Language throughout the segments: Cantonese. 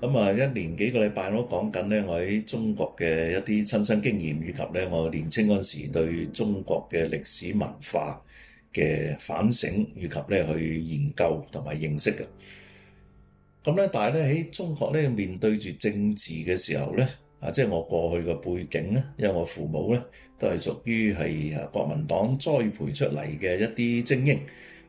咁啊、嗯，一年幾個禮拜我都講緊咧，我喺中國嘅一啲親身經驗，以及咧我年青嗰陣時對中國嘅歷史文化嘅反省，以及咧去研究同埋認識嘅。咁咧，但係咧喺中國咧面對住政治嘅時候咧，啊，即係我過去嘅背景咧，因為我父母咧都係屬於係國民黨栽培出嚟嘅一啲精英。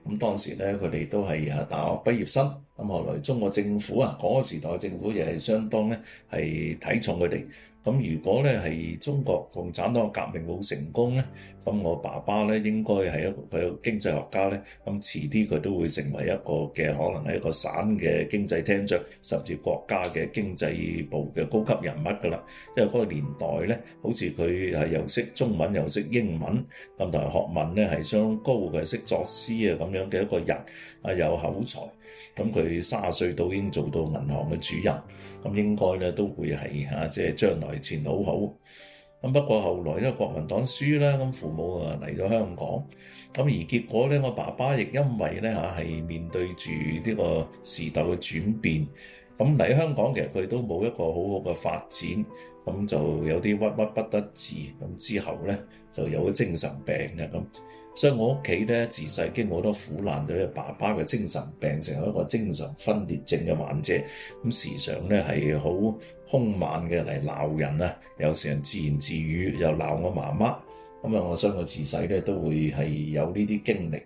咁當時咧，佢哋都係大學畢業生。咁後來中國政府啊，嗰個時代政府亦係相當咧係睇重佢哋。咁如果咧係中國共產黨嘅革命冇成功咧，咁我爸爸咧應該係一個佢經濟學家咧，咁遲啲佢都會成為一個嘅可能係一個省嘅經濟廳長，甚至國家嘅經濟部嘅高級人物㗎啦。因為嗰個年代咧，好似佢係又識中文又識英文，咁同埋學問咧係相當高嘅，識作詩啊咁樣嘅一個人，啊有口才，咁佢卅歲到已經做到銀行嘅主任，咁應該咧都會係吓即係將來。維持好好，咁不過後來因為國民黨輸啦，咁父母啊嚟咗香港，咁而結果咧，我爸爸亦因為咧吓係面對住呢個時代嘅轉變，咁嚟香港其實佢都冇一個好好嘅發展，咁就有啲屈屈不得志，咁之後咧就有咗精神病嘅咁。所以我屋企咧自細經過好多苦難，咗，係爸爸嘅精神病，成為一個精神分裂症嘅患者。咁時常咧係好兇猛嘅嚟鬧人啊！有時人自言自語，又鬧我媽媽。咁啊，我想我自細咧都會係有呢啲經歷。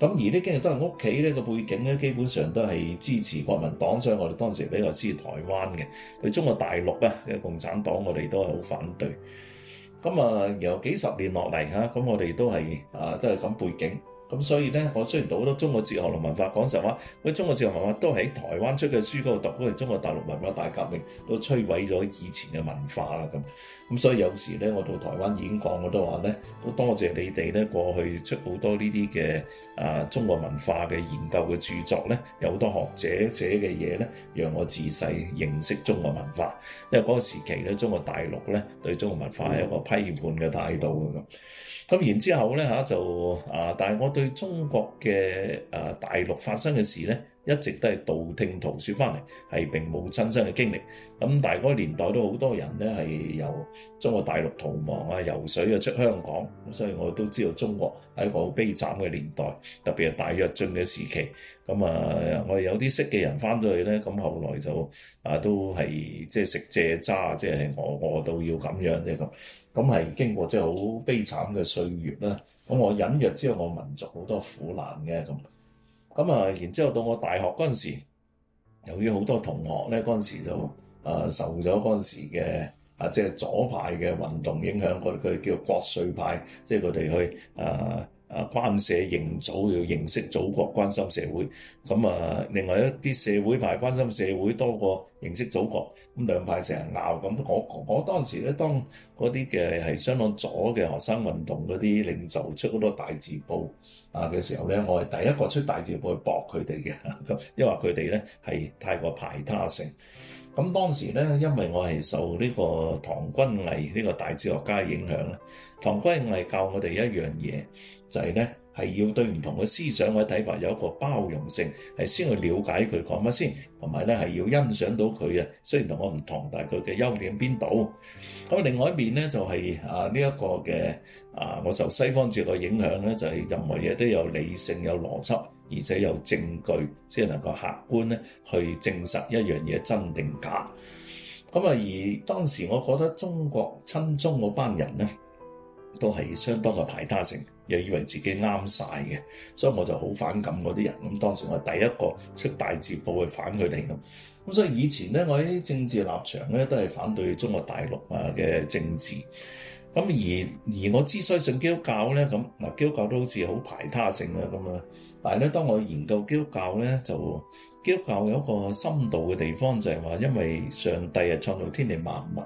咁而呢啲經歷都係屋企咧個背景咧，基本上都係支持國民黨，所以我哋當時比較支持台灣嘅。對中國大陸啊嘅共產黨，我哋都係好反對。咁啊、嗯，有幾十年落嚟，咁我哋都係啊、呃，都係咁背景。咁所以咧，我雖然讀好多中國哲學同文化，講實話，喂，中國哲學文化都喺台灣出嘅書嗰度讀，嗰陣中國大陸文化大革命都摧毀咗以前嘅文化啦咁。咁所以有時咧，我到台灣演講我都話咧，都多謝你哋咧，過去出好多呢啲嘅啊中國文化嘅研究嘅著作咧，有好多學者寫嘅嘢咧，讓我自細認識中國文化，因為嗰個時期咧，中國大陸咧對中國文化係一個批判嘅態度咁。咁然之後呢，就，但係我對中國嘅大陸發生嘅事呢，一直都係道聽途説翻嚟，係並冇親身嘅經歷。咁但係嗰個年代都好多人咧，係由中國大陸逃亡啊，游水啊出香港。咁所以我都知道中國係一個好悲慘嘅年代，特別係大躍進嘅時期。咁啊，我哋有啲識嘅人翻到去咧，咁後來就啊都係即係食蔗渣，即係我餓到要咁樣即係咁。咁係經過即係好悲慘嘅歲月啦。咁我隱約知道我民族好多苦難嘅咁。咁啊，然之後到我大學嗰時，由於好多同學呢，嗰時就、呃、受咗嗰陣時嘅即係左派嘅運動影響，佢佢叫做國粹派，即係佢哋去、呃啊！關社認祖要認識祖國，關心社會。咁啊，另外一啲社會派關心社會多過認識祖國。咁兩派成日鬧咁，我我當時咧，當嗰啲嘅係相當左嘅學生運動嗰啲領袖出好多大字報啊嘅時候咧，我係第一個出大字報去駁佢哋嘅。咁，因為佢哋咧係太過排他性。咁當時咧，因為我係受呢個唐君毅呢個大哲學家影響咧，唐君毅教我哋一樣嘢，就係咧係要對唔同嘅思想或者睇法有一個包容性，係先去了解佢講乜先，同埋咧係要欣賞到佢啊。雖然同我唔同，但係佢嘅優點邊度？咁另外一面咧就係啊呢一個嘅啊，我受西方哲學影響咧，就係任何嘢都有理性有邏輯。而且有證據先能夠客觀咧，去證實一樣嘢真定假。咁啊，而當時我覺得中國親中嗰班人咧，都係相當嘅排他性，又以為自己啱晒嘅，所以我就好反感嗰啲人。咁當時我係第一個出大字報去反佢哋咁。咁所以以前咧，我喺政治立場咧都係反對中國大陸啊嘅政治。咁而而我之所以信基督教咧，咁嗱，基督教都好似好排他性啊咁啊，但係咧，當我研究基督教咧，就基督教有一個深度嘅地方，就係話，因為上帝係創造天地萬物，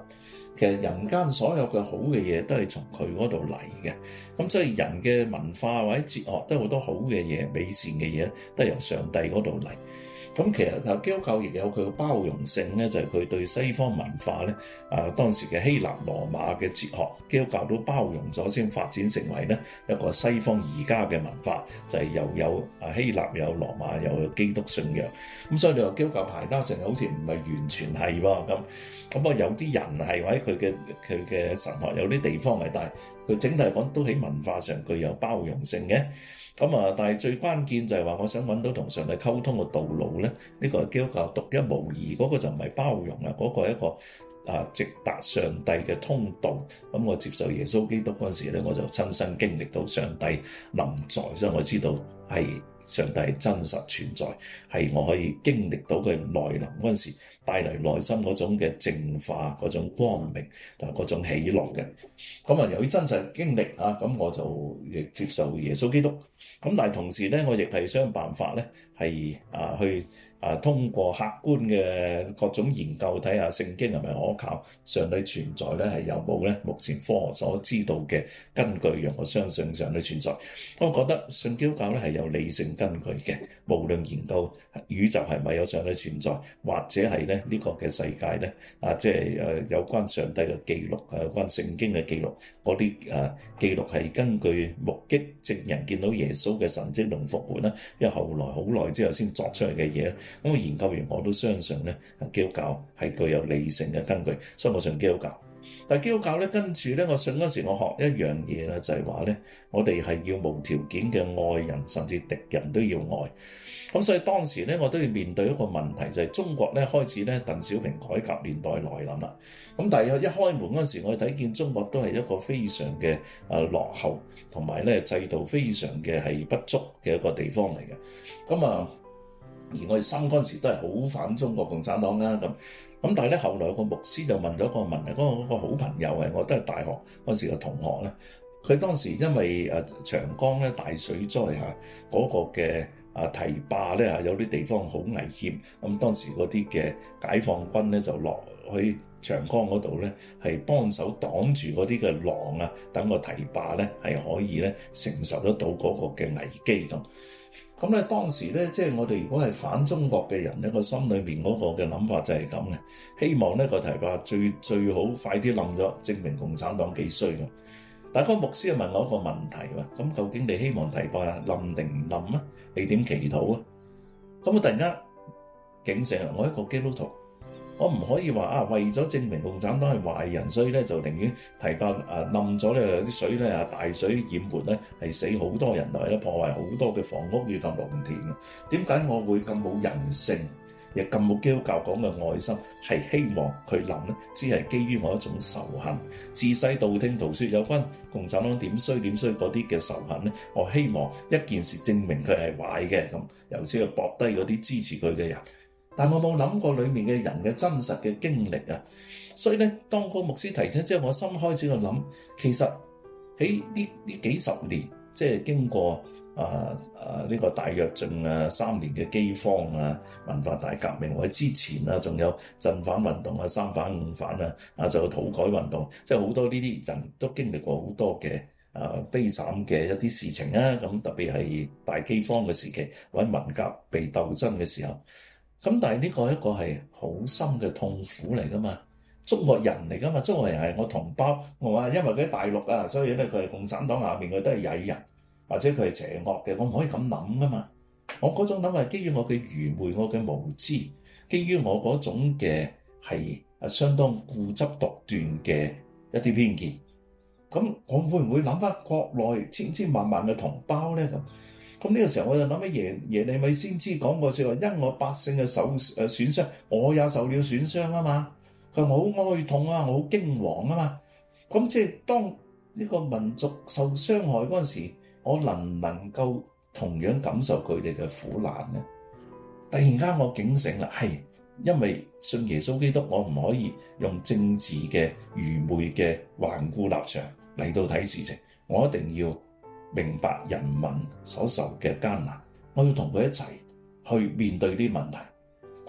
其實人間所有嘅好嘅嘢都係從佢嗰度嚟嘅，咁所以人嘅文化或者哲學都好多好嘅嘢、美善嘅嘢，都係由上帝嗰度嚟。咁其實就基督教亦有佢嘅包容性咧，就係佢對西方文化咧，啊當時嘅希臘羅馬嘅哲學，基督教都包容咗先發展成為咧一個西方而家嘅文化，就係又有啊希臘有羅馬又有基督信仰，咁所以你話基督教排單成日好似唔係完全係喎，咁咁啊有啲人係喎或者佢嘅佢嘅神學有啲地方係，但係佢整體嚟講都喺文化上具有包容性嘅，咁啊但係最關鍵就係話我想揾到同上帝溝通嘅道路咧。呢個係基督教獨一無二，嗰個就唔係包容啊！嗰個係一個啊直達上帝嘅通道。咁我接受耶穌基督嗰陣時咧，我就親身經歷到上帝臨在，所以我知道係。上帝係真實存在，係我可以經歷到佢來臨嗰陣時，帶嚟內心嗰種嘅淨化、嗰種光明同埋嗰種喜樂嘅。咁啊，由於真實經歷啊，咁我就亦接受耶穌基督。咁但係同時咧，我亦係想辦法咧，係啊去。啊！通過客觀嘅各種研究睇下聖經係咪可靠，上帝存在咧，係有冇咧目前科學所知道嘅根據，讓我相信上帝存在。我覺得信基督教咧係有理性根據嘅，無論研究宇宙係咪有上帝存在，或者係咧呢個嘅世界咧啊，即係誒有關上帝嘅記錄啊，有關聖經嘅記錄嗰啲誒記錄係根據目擊證人見到耶穌嘅神蹟同復活啦，因為後來好耐之後先作出嚟嘅嘢。咁我研究完，我都相信咧，基督教係具有理性嘅根據，所以我信基督教。但係基督教咧，跟住咧，我信嗰時我、就是，我學一樣嘢咧，就係話咧，我哋係要無條件嘅愛人，甚至敵人都要愛。咁所以當時咧，我都要面對一個問題，就係、是、中國咧開始咧，鄧小平改革年代來臨啦。咁但係一開門嗰陣時，我哋睇見中國都係一個非常嘅啊落後，同埋咧制度非常嘅係不足嘅一個地方嚟嘅。咁啊～而我哋生嗰陣時都係好反中國共產黨啦。咁，咁但係咧，後來有個牧師就問咗一個問題，嗰、嗰個嗰、嗰個、好朋友係我都係大學嗰時嘅同學咧，佢當時因為誒長江咧大水災嚇嗰個嘅。啊堤壩咧，有啲地方好危險。咁當時嗰啲嘅解放軍咧就落去長江嗰度咧，係幫手擋住嗰啲嘅浪啊，等個堤壩咧係可以咧承受得到嗰個嘅危機咁。咁咧當時咧，即係我哋如果係反中國嘅人咧，心裡面個心裏邊嗰個嘅諗法就係咁嘅，希望呢個堤壩最最好快啲冧咗，證明共產黨幾衰咁。但嗰牧師又問我一個問題喎，咁究竟你希望堤壩冧定唔冧啊？你點祈禱啊？咁我突然間警醒，我一個基督徒，我唔可以話啊，為咗證明共產黨係壞人，所以咧就寧願堤壩啊冧咗咧，啲水咧啊大水淹沒咧，係死好多人落去咧，破壞好多嘅房屋與及農田嘅。點解我會咁冇人性？亦咁冇基督教講嘅愛心，係希望佢諗咧。只係基於我一種仇恨，自細道聽途説有關共產黨點衰點衰嗰啲嘅仇恨咧。我希望一件事證明佢係壞嘅，咁由此去博低嗰啲支持佢嘅人。但我冇諗過裏面嘅人嘅真實嘅經歷啊。所以咧，當個牧師提醒之後，我心開始度諗，其實喺呢呢幾十年。即係經過啊啊呢個大躍進啊三年嘅饑荒啊，文化大革命或者之前啦仲、啊、有鎮反運動啊，三反五反啊啊仲土改運動，即係好多呢啲人都經歷過好多嘅啊悲慘嘅一啲事情啊，咁特別係大饑荒嘅時期，或者文革被鬥爭嘅時候，咁、啊、但係呢個一個係好深嘅痛苦嚟噶嘛，中國人嚟噶嘛，中國人係我同胞，我話因為佢喺大陸啊，所以咧佢係共產黨下面，佢都係曳人。或者佢係邪惡嘅，我唔可以咁諗噶嘛。我嗰種諗係基於我嘅愚昧、我嘅無知，基於我嗰種嘅係啊相當固執、獨斷嘅一啲偏見。咁我會唔會諗翻國內千千萬萬嘅同胞咧？咁咁呢個時候我就諗起耶耶利米先知講過，説話因我百姓嘅受誒損傷，我也受了損傷啊嘛。佢話我好哀痛啊，我好驚惶啊嘛。咁即係當呢個民族受傷害嗰陣時。我能不能夠同樣感受佢哋嘅苦難呢？突然間我警醒啦，係因為信耶穌基督，我唔可以用政治嘅愚昧嘅頑固立場嚟到睇事情。我一定要明白人民所受嘅艱難，我要同佢一齊去面對呢啲問題。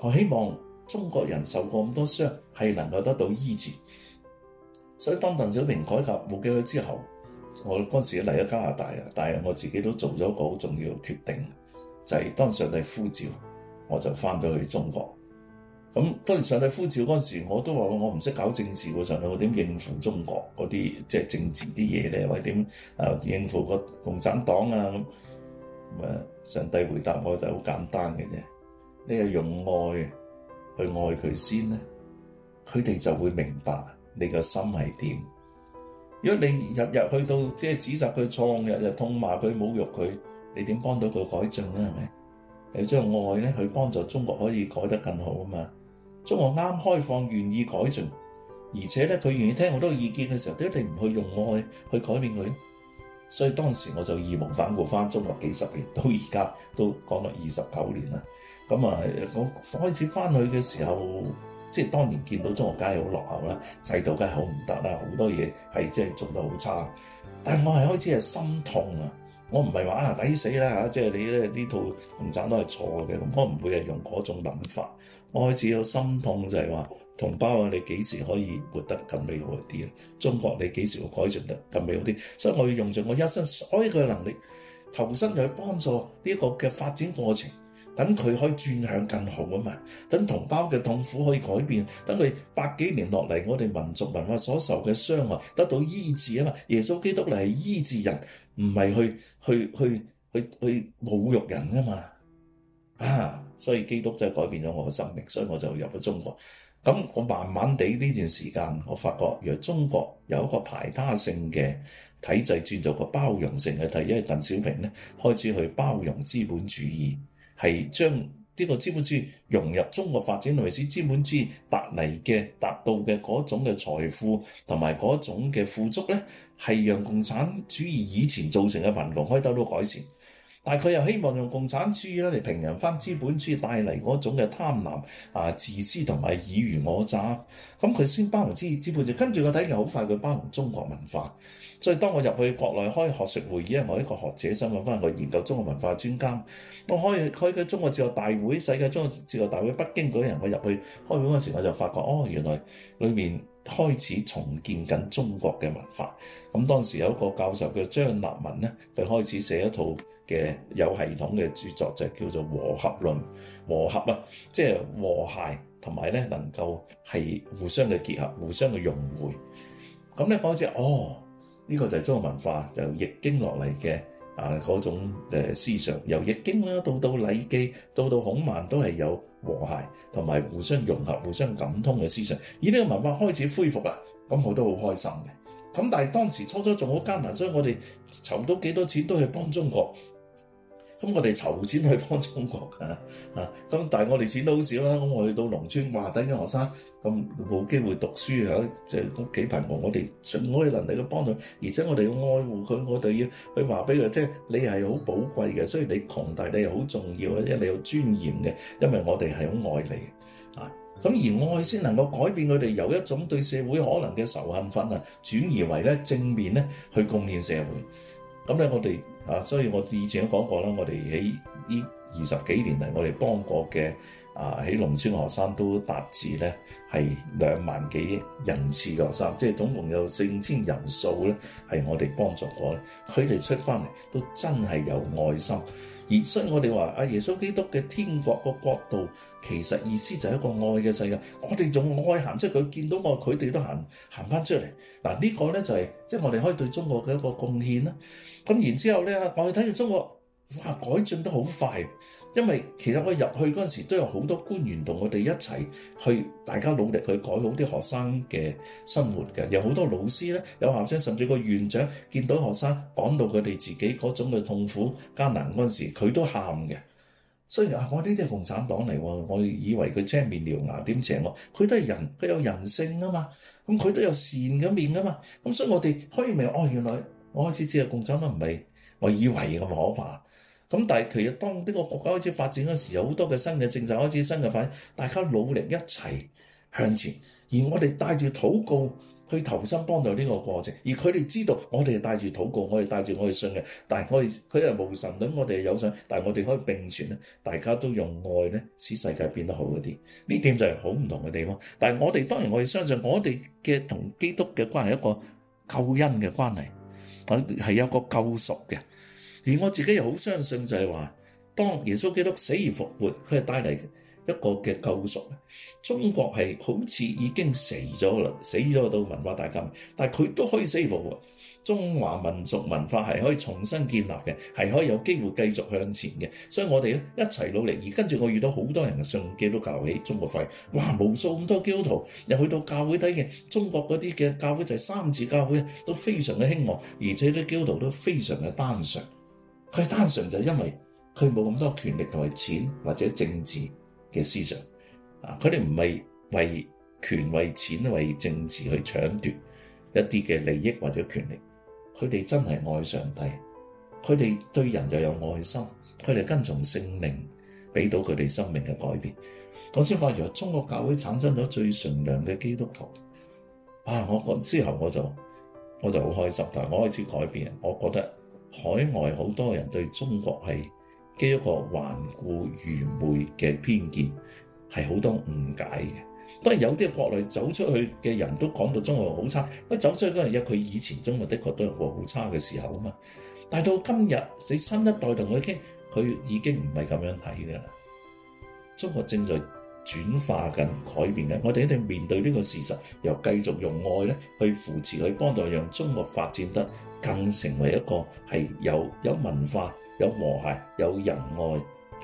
我希望中國人受過咁多傷，係能夠得到醫治。所以當鄧小平改革冇幾耐之後。我嗰時嚟咗加拿大啊，但係我自己都做咗個好重要嘅決定，就係、是、當上帝呼召，我就翻咗去中國。咁當然，上帝呼召嗰陣時，我都話我唔識搞政治嘅上帝，我點應付中國嗰啲即係政治啲嘢咧？或者點啊應付個共產黨啊咁。咁啊，上帝回答我就好簡單嘅啫，你要用愛去愛佢先咧，佢哋就會明白你個心係點。如果你日日去到即係指責佢錯，日日痛罵佢侮辱佢，你點幫到佢改進咧？係咪？你、就、將、是、愛咧去幫助中國可以改得更好啊嘛？中國啱開放，願意改進，而且咧佢願意聽我好多意見嘅時候，點解你唔去用愛去改變佢？所以當時我就義無反顧翻中國，幾十年到而家都講到二十九年啦。咁啊，我開始翻去嘅時候。即係當然見到中國梗係好落後啦，制度梗係好唔得啦，好多嘢係即係做得好差。但係我係開始係心痛啊！我唔係話啊抵死啦嚇，即係你咧呢套共產都係錯嘅，我唔會係用嗰種諗法。我開始有心痛就係話同胞啊，你幾時可以活得更美好啲？中國你幾時會改善得更美好啲？所以我要用盡我一生所有嘅能力，投身去幫助呢個嘅發展過程。等佢可以轉向更好啊嘛！等同胞嘅痛苦可以改變，等佢百幾年落嚟，我哋民族文化所受嘅傷害得到醫治啊嘛！耶穌基督嚟係醫治人，唔係去去去去去侮辱人啊嘛！啊，所以基督真係改變咗我嘅生命，所以我就入咗中國。咁我慢慢地呢段時間，我發覺若中國有一個排他性嘅體制轉做個包容性嘅體，因為鄧小平呢開始去包容資本主義。係將呢個資本主義融入中國發展歷史，資本主義達嚟嘅達到嘅嗰種嘅財富同埋嗰種嘅富足呢，係讓共產主義以前造成嘅貧窮可以得到改善。但係佢又希望用共產主義咧嚟平衡翻資本主義帶嚟嗰種嘅貪婪啊、自私同埋爾虞我詐，咁、嗯、佢先包容資資本主義。跟住我睇完好快，佢包容中國文化。所以當我入去國內開學術會議啊，我一個學者想揾翻我研究中國文化嘅專家。我開開個中國哲學大會、世界中國哲學大會，北京嗰人我入去開會嗰陣時，我就發覺哦，原來裡面開始重建緊中國嘅文化。咁、嗯、當時有一個教授叫張立文咧，佢開始寫一套。嘅有系統嘅著作就叫做和合論，和合啊，即係和諧同埋咧，能夠係互相嘅結合，互相嘅融匯。咁咧開始哦，呢個就係中國文化由易經落嚟嘅啊嗰種思想，由易經啦到到禮記，到到孔孟都係有和諧同埋互相融合、互相感通嘅思想。以呢個文化開始恢復啦，咁我都好開心嘅。咁但係當時初初仲好艱難，所以我哋籌到幾多錢都去幫中國。咁、嗯、我哋籌錢去幫中國嘅，啊咁但係我哋錢都好少啦。咁我去到農村話，等啲學生咁冇、嗯、機會讀書，又即係屋企貧窮，我哋盡我哋能力去幫佢，而且我哋要愛護佢，我哋要去話俾佢聽，你係好寶貴嘅，所以你強大你係好重要啊，因為你有尊嚴嘅，因為我哋係好愛你啊。咁而愛先能夠改變佢哋由一種對社會可能嘅仇恨分啊，轉移為咧正面咧去貢獻社會。咁咧，我哋啊，所以我以前都講過啦，我哋喺呢二十幾年嚟，我哋幫過嘅啊，喺農村學生都達至咧係兩萬幾人次嘅學生，即係總共有四千人數咧，係我哋幫助過，佢哋出返嚟都真係有愛心。而所以我哋話阿耶穌基督嘅天國個國度，其實意思就係一個愛嘅世界。我哋用愛行出去，即見到愛，這個、我佢哋都行行翻出嚟。嗱呢個咧就係即係我哋可以對中國嘅一個貢獻啦。咁然之後咧，我哋睇住中國，哇改進得好快。因為其實我入去嗰陣時都有好多官員同我哋一齊去，大家努力去改好啲學生嘅生活嘅。有好多老師呢，有校生，甚至個院長見到學生講到佢哋自己嗰種嘅痛苦艱難嗰陣時，佢都喊嘅。雖然話、啊、我呢啲係共產黨嚟喎，我以為佢青面獠牙點邪惡，佢都係人，佢有人性啊嘛。咁、嗯、佢都有善嘅面啊嘛。咁、嗯、所以我哋可以明哦，原來我開始知啊共產黨唔係我以為咁可怕。咁但係其實當呢個國家開始發展嗰時，有好多嘅新嘅政策開始新嘅發展，大家努力一齊向前。而我哋帶住禱告去投身幫助呢個過程，而佢哋知道我哋係帶住禱告，我哋帶住我哋信嘅。但係我哋佢係無神論，我哋係有信，但係我哋可以並存咧。大家都用愛咧，使世界變得好一啲。呢點就係好唔同嘅地方。但係我哋當然我哋相信我哋嘅同基督嘅關係一個救恩嘅關係，係一個救贖嘅。而我自己又好相信，就係話，當耶穌基督死而復活，佢係帶嚟一個嘅救贖。中國係好似已經死咗啦，死咗到文化大革命，但係佢都可以死而復活。中華民族文化係可以重新建立嘅，係可以有機會繼續向前嘅。所以我哋咧一齊努力。而跟住我遇到好多人信基督教，起中國廢，哇無數咁多基督徒又去到教會底嘅中國嗰啲嘅教會就係三自教會都非常嘅興旺，而且啲基督徒都非常嘅單純。佢單純就因為佢冇咁多權力同埋錢或者政治嘅思想，啊！佢哋唔係為權為錢為政治去搶奪一啲嘅利益或者權力，佢哋真係愛上帝，佢哋對人又有愛心，佢哋跟從聖靈，俾到佢哋生命嘅改變。才我先發現，中國教會產生咗最純良嘅基督徒，啊！我講之後我就我就好開心，但係我開始改變，我覺得。海外好多人對中國係一個頑固愚昧嘅偏見，係好多誤解嘅。當然有啲國內走出去嘅人都講到中國好差，不過走出去嗰陣，因為佢以前中國的確都有過好差嘅時候啊嘛。但到今日，你新一代同佢傾，佢已經唔係咁樣睇嘅啦。中國正在轉化緊、改變緊，我哋一定面對呢個事實，又繼續用愛咧去扶持佢，去幫助讓中國發展得更成為一個係有有文化、有和諧、有人愛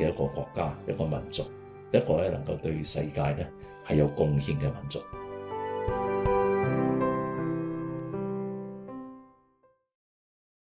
嘅一個國家、一個民族，一個咧能夠對世界咧係有貢獻嘅民族。